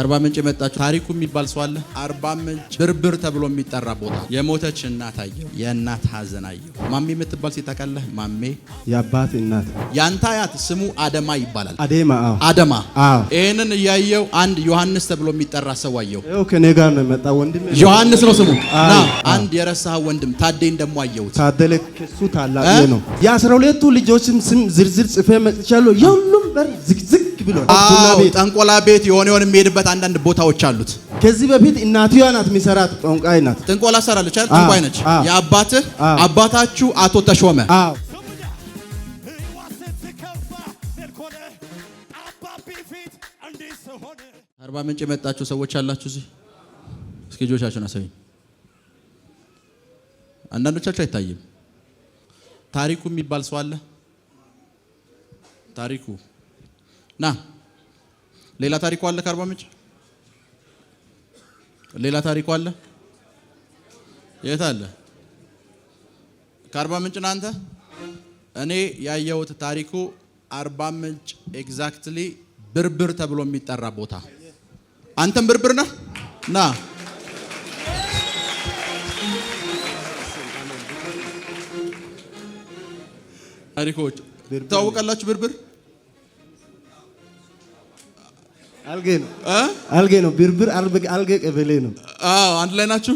አርባ ምንጭ የመጣችሁ ታሪኩ የሚባል ሰው አለ። አርባ ምንጭ ብርብር ተብሎ የሚጠራ ቦታ የሞተች እናት አየሁ፣ የእናት ሀዘን አየሁ። ማሜ የምትባል ሴት ታውቃለህ? ማሜ የአባት እናት፣ ያንተ አያት ስሙ አደማ ይባላል። አደማ አደማ። ይህንን እያየው አንድ ዮሐንስ ተብሎ የሚጠራ ሰው አየሁ። ከኔ ጋር ነው የመጣ ወንድም ዮሐንስ ነው ስሙ። አንድ የረሳ ወንድም ታደኝ ደግሞ አየሁት። ታደለ እሱ ታላቅ ነው። የአስራ ሁለቱ ልጆችን ስም ዝርዝር ጽፌ መጥቻለሁ። የሁሉም በር ዝግዝግ ብሎ ጠንቆላ ቤት የሆነ የሆነ የሚሄድበት አንዳንድ ቦታዎች አሉት። ከዚህ በፊት እናትዋ ናት የሚሰራት ጠንቋይ ናት፣ ጥንቆላ ሰራለች፣ ጠንቋይ ነች። የአባትህ አባታችሁ አቶ ተሾመ አርባ ምንጭ የመጣችሁ ሰዎች አላችሁ እዚህ እስኪ አሳዩኝ። አንዳንዶቻችሁ አይታይም። ታሪኩ የሚባል ሰው አለ ታሪኩ ና ሌላ ታሪኩ አለ ከአርባ ምንጭ ሌላ ታሪኩ አለ የት አለ ከአርባ ምንጭ ና እኔ ያየሁት ታሪኩ አርባ ምንጭ ኤግዛክትሊ ብርብር ተብሎ የሚጠራ ቦታ አንተም ብርብር ነህ ና ታሪኮች ታወቃላችሁ ብርብር አልጌ ነው አልጌ ነው ቢርብር አልጌ ቀበሌ ነው። አዎ አንድ ላይ ናችሁ።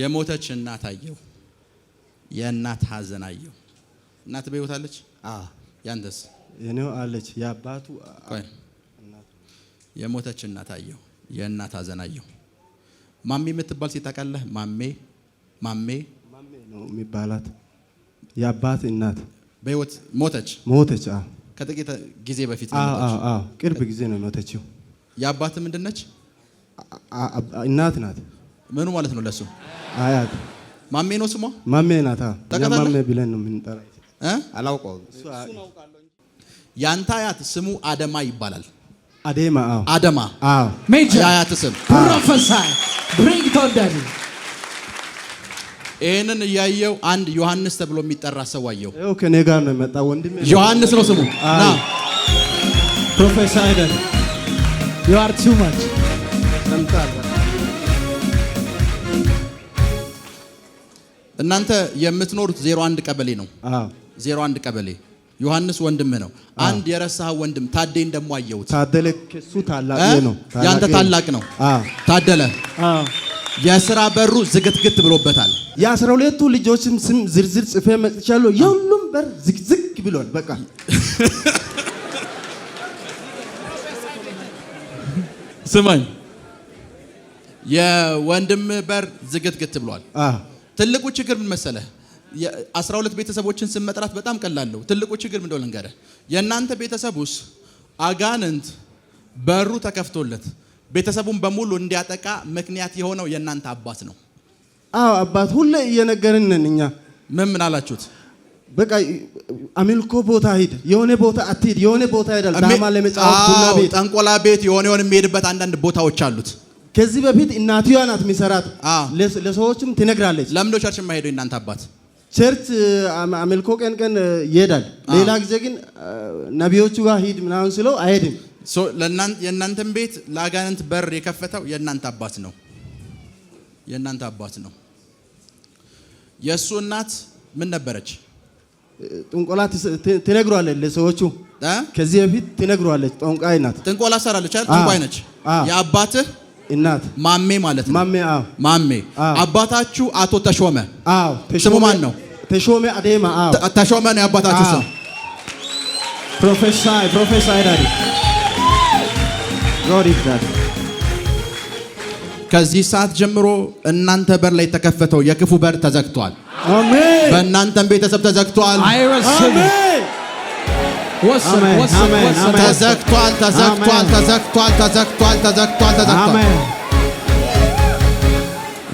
የሞተች እናት አየሁ፣ የእናት ሀዘን አየሁ። እናት በሕይወት አለች? ያንተስ? የኔው አለች። የአባቱ የሞተች እናት አየሁ፣ የእናት ሀዘን አየሁ። ማሜ የምትባል ሴት ታውቃለህ? ማሜ ማሜ ነው የሚባላት። የአባት እናት በህይወት ሞተች ሞተች። ከጥቂት ጊዜ በፊት ቅርብ ጊዜ ነው የሞተችው። የአባት ምንድን ነች? እናት ናት። ምኑ ማለት ነው? ለሱ አያት ማሜ ነው ስሟ። ማሜ ናት። ማሜ ብለን ነው የምንጠራ። አላውቀውም። የአንተ አያት ስሙ አደማ ይባላል። አደማ አደማ የአያት ስም ፕሮፌሰር ብሪንግቶን ይህንን እያየው አንድ ዮሐንስ ተብሎ የሚጠራ ሰው አየው። ከኔ ጋር ነው የመጣ ወንድም ዮሐንስ ነው ስሙ። ፕሮፌሰር አይደል? ዩ አር ቱ ማች እናንተ የምትኖሩት ዜሮ አንድ ቀበሌ ነው። ዜሮ አንድ ቀበሌ ዮሐንስ ወንድም ነው። አንድ የረሳህ ወንድም ታዴን ደግሞ አየሁት። ታደለ ከሱ ታላቅ ነው። ያንተ ታላቅ ነው ታደለ የስራ በሩ ዝግትግት ብሎበታል። የአስራ ሁለቱ ልጆችም ስም ዝርዝር ጽፌ መጥቻለሁ። የሁሉም በር ዝግዝግ ብሏል። በቃ ስማኝ፣ የወንድም በር ዝግትግት ብሏል። ትልቁ ችግር ምን መሰለህ? አስራ ሁለት ቤተሰቦችን ስም መጥራት በጣም ቀላል ነው። ትልቁ ችግር ምን እንደሆነ ልንገርህ። የእናንተ ቤተሰብ ውስጥ አጋንንት በሩ ተከፍቶለት ቤተሰቡን በሙሉ እንዲያጠቃ ምክንያት የሆነው የእናንተ አባት ነው። አዎ አባት ሁሌ እየነገርን ነን። እኛ ምን ምን አላችሁት? በቃ አሚልኮ ቦታ ሂድ፣ የሆነ ቦታ አትሂድ፣ የሆነ ቦታ ሄዳል። ዳማ ለመጫወት ቡና ቤት፣ ጠንቆላ ቤት የሆነ የሆነ የሚሄድበት አንዳንድ ቦታዎች አሉት። ከዚህ በፊት እናትዋ ናት የሚሰራት፣ ለሰዎችም ትነግራለች። ለምዶ ቸርች የማይሄደው የእናንተ አባት ቸርች አሚልኮ ቀን ቀን ይሄዳል። ሌላ ጊዜ ግን ነቢዮቹ ጋር ሂድ ምናምን ስለው አይሄድም። የእናንተን ቤት ለአጋንንት በር የከፈተው የእናንተ አባት ነው። የእናንተ አባት ነው። የእሱ እናት ምን ነበረች? ጥንቆላ ትነግሯለች ለሰዎቹ። ከዚህ በፊት ትነግሯለች። ጠንቋይ ናት። ጥንቆላ ሰራለች። ጠንቋይ ነች። የአባትህ እናት ማሜ ማለት ነው። ማሜ አዎ፣ ማሜ አባታችሁ አቶ ተሾመ አዎ። ስሙ ማን ነው? ተሾመ አዴማ አዎ። ተሾመ ነው የአባታችሁ ስም። ፕሮፌሰር ፕሮፌሰር አይዳሪ ከዚህ ሰዓት ጀምሮ እናንተ በር ላይ የተከፈተው የክፉ በር ተዘግቷል። አሜን። በእናንተም ቤተሰብ ተዘግቷል። ተዘግቷል። ተዘግቷል። ተዘግቷል። ተዘግቷል። ተዘግቷል። ተዘግቷል።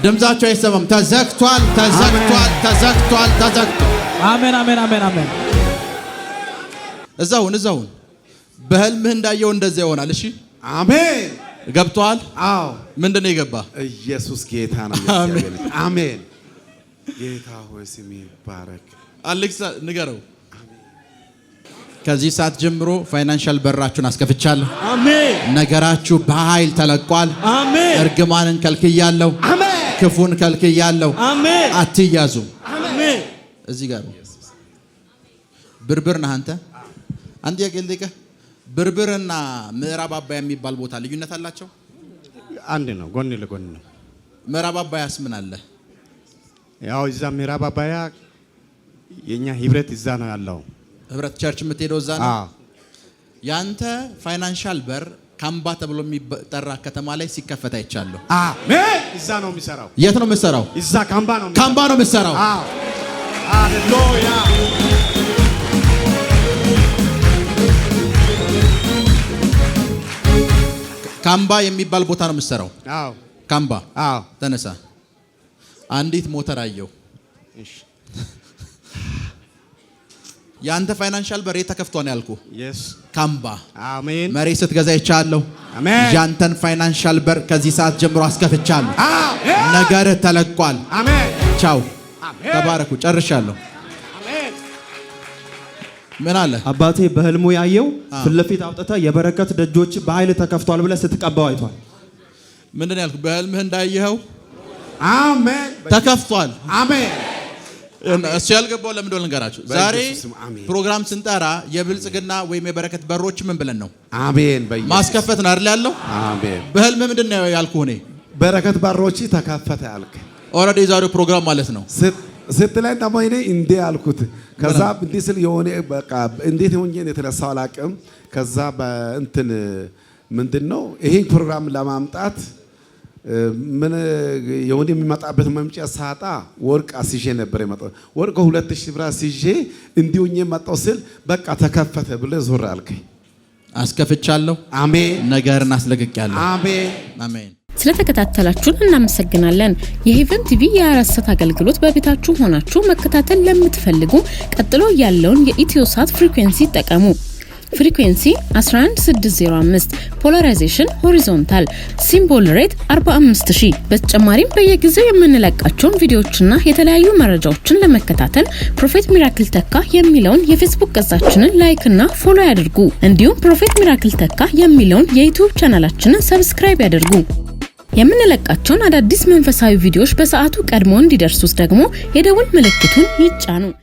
ድምጻቸው አይሰማም። ተዘግቷል። ተዘግቷል። ተዘግቷል። ተዘግቷል። አሜን። አሜን። አሜን። እዛውን እዛውን በህልምህ እንዳየው እንደዛ ይሆናል። እሺ አሜን። ገብቷል? አዎ። ምንድን ነው የገባ? ኢየሱስ ጌታ ነው። አሜን። ጌታ ሆይ ስም ይባረክ። አሌክሳ ንገረው፣ ከዚህ ሰዓት ጀምሮ ፋይናንሻል በራችሁን አስከፍቻለሁ። አሜን። ነገራችሁ በኃይል ተለቋል። አሜን። እርግማንን ከልክያለሁ። አሜን። ክፉን ከልክያለሁ። አሜን። አትያዙ። አሜን። እዚህ ጋር ብርብር ነህ አንተ አንድ ብርብርና ምዕራብ አባያ የሚባል ቦታ ልዩነት አላቸው? አንድ ነው፣ ጎን ለጎን ነው። ምዕራብ አባያስ ምን አለ? ያው እዛ ምዕራብ አባያ የኛ ህብረት እዛ ነው ያለው። ህብረት ቸርች የምትሄደው እዛ ነው። ያንተ ፋይናንሻል በር ካምባ ተብሎ የሚጠራ ከተማ ላይ ሲከፈት አይቻለሁ። እዛ ነው የሚሰራው። የት ነው የምትሰራው? እዛ ካምባ ነው። ካምባ ነው የምትሰራው። ካምባ የሚባል ቦታ ነው የምትሰራው? አዎ። ካምባ። አዎ። ተነሳ። አንዲት ሞተር አየው። እሺ። የአንተ ፋይናንሻል በሬ ተከፍቷል ያልኩ። ካምባ። አሜን። መሬት ስትገዛ ይቻለሁ። አሜን። ያንተን ፋይናንሻል በር ከዚህ ሰዓት ጀምሮ አስከፍቻለሁ። ነገር ተለቋል። አሜን። ቻው። ተባረኩ። ጨርሻለሁ። ምን አለ አባቴ በህልሙ ያየው ፊት ለፊት አውጥተ የበረከት ደጆች በኃይል ተከፍቷል ብለህ ስትቀባው አይቷል። ምንድን ነው ያልኩህ? በህልምህ እንዳየኸው አሜን፣ ተከፍቷል። አሜን። እሱ ያልገባው ለምን እንደሆነ ልንገራችሁ። ዛሬ ፕሮግራም ስንጠራ የብልጽግና ወይም የበረከት በሮች ምን ብለን ነው? አሜን። ማስከፈት ነው አይደል ያለው? አሜን። በህልምህ ምንድን ነው እኔ በረከት በሮች ተከፈተ ያልክ ኦልሬዲ የዛሬው ፕሮግራም ማለት ነው ስትለኝ ደግሞ እኔ እንዴ አልኩት። ከዛ እንዲህ ስል የሆነ በቃ እንዴት ሆኜ የተነሳው አላውቅም። ከዛ በእንትን ምንድን ነው ይሄን ፕሮግራም ለማምጣት ምን የሆነ የሚመጣበት መምጫ ሳጣ ወርቅ አስይዤ ነበር የመጣው። ወርቅ ሁለት ሺህ ብር አስይዤ እንዲሁ የመጣው ስል በቃ ተከፈተ ብለህ ዞር አልከኝ። አስከፍቻለሁ። አሜን። ነገርን አስለቅቄያለሁ። አሜን። ስለተከታተላችሁን እናመሰግናለን። የሄቨን ቲቪ የአራሰት አገልግሎት በቤታችሁ ሆናችሁ መከታተል ለምትፈልጉ ቀጥሎ ያለውን የኢትዮሳት ፍሪኩዌንሲ ይጠቀሙ። ፍሪኩንሲ 11605 ፖላራይዜሽን ሆሪዞንታል ሲምቦል ሬት 45000። በተጨማሪም በየጊዜው የምንለቃቸውን ቪዲዮዎችና የተለያዩ መረጃዎችን ለመከታተል ፕሮፌት ሚራክል ተካ የሚለውን የፌስቡክ ገጻችንን ላይክ እና ፎሎ ያድርጉ። እንዲሁም ፕሮፌት ሚራክል ተካ የሚለውን የዩቲዩብ ቻናላችንን ሰብስክራይብ ያድርጉ። የምንለቃቸውን አዳዲስ መንፈሳዊ ቪዲዮዎች በሰዓቱ ቀድሞ እንዲደርሱት ደግሞ የደውል ምልክቱን ይጫኑ።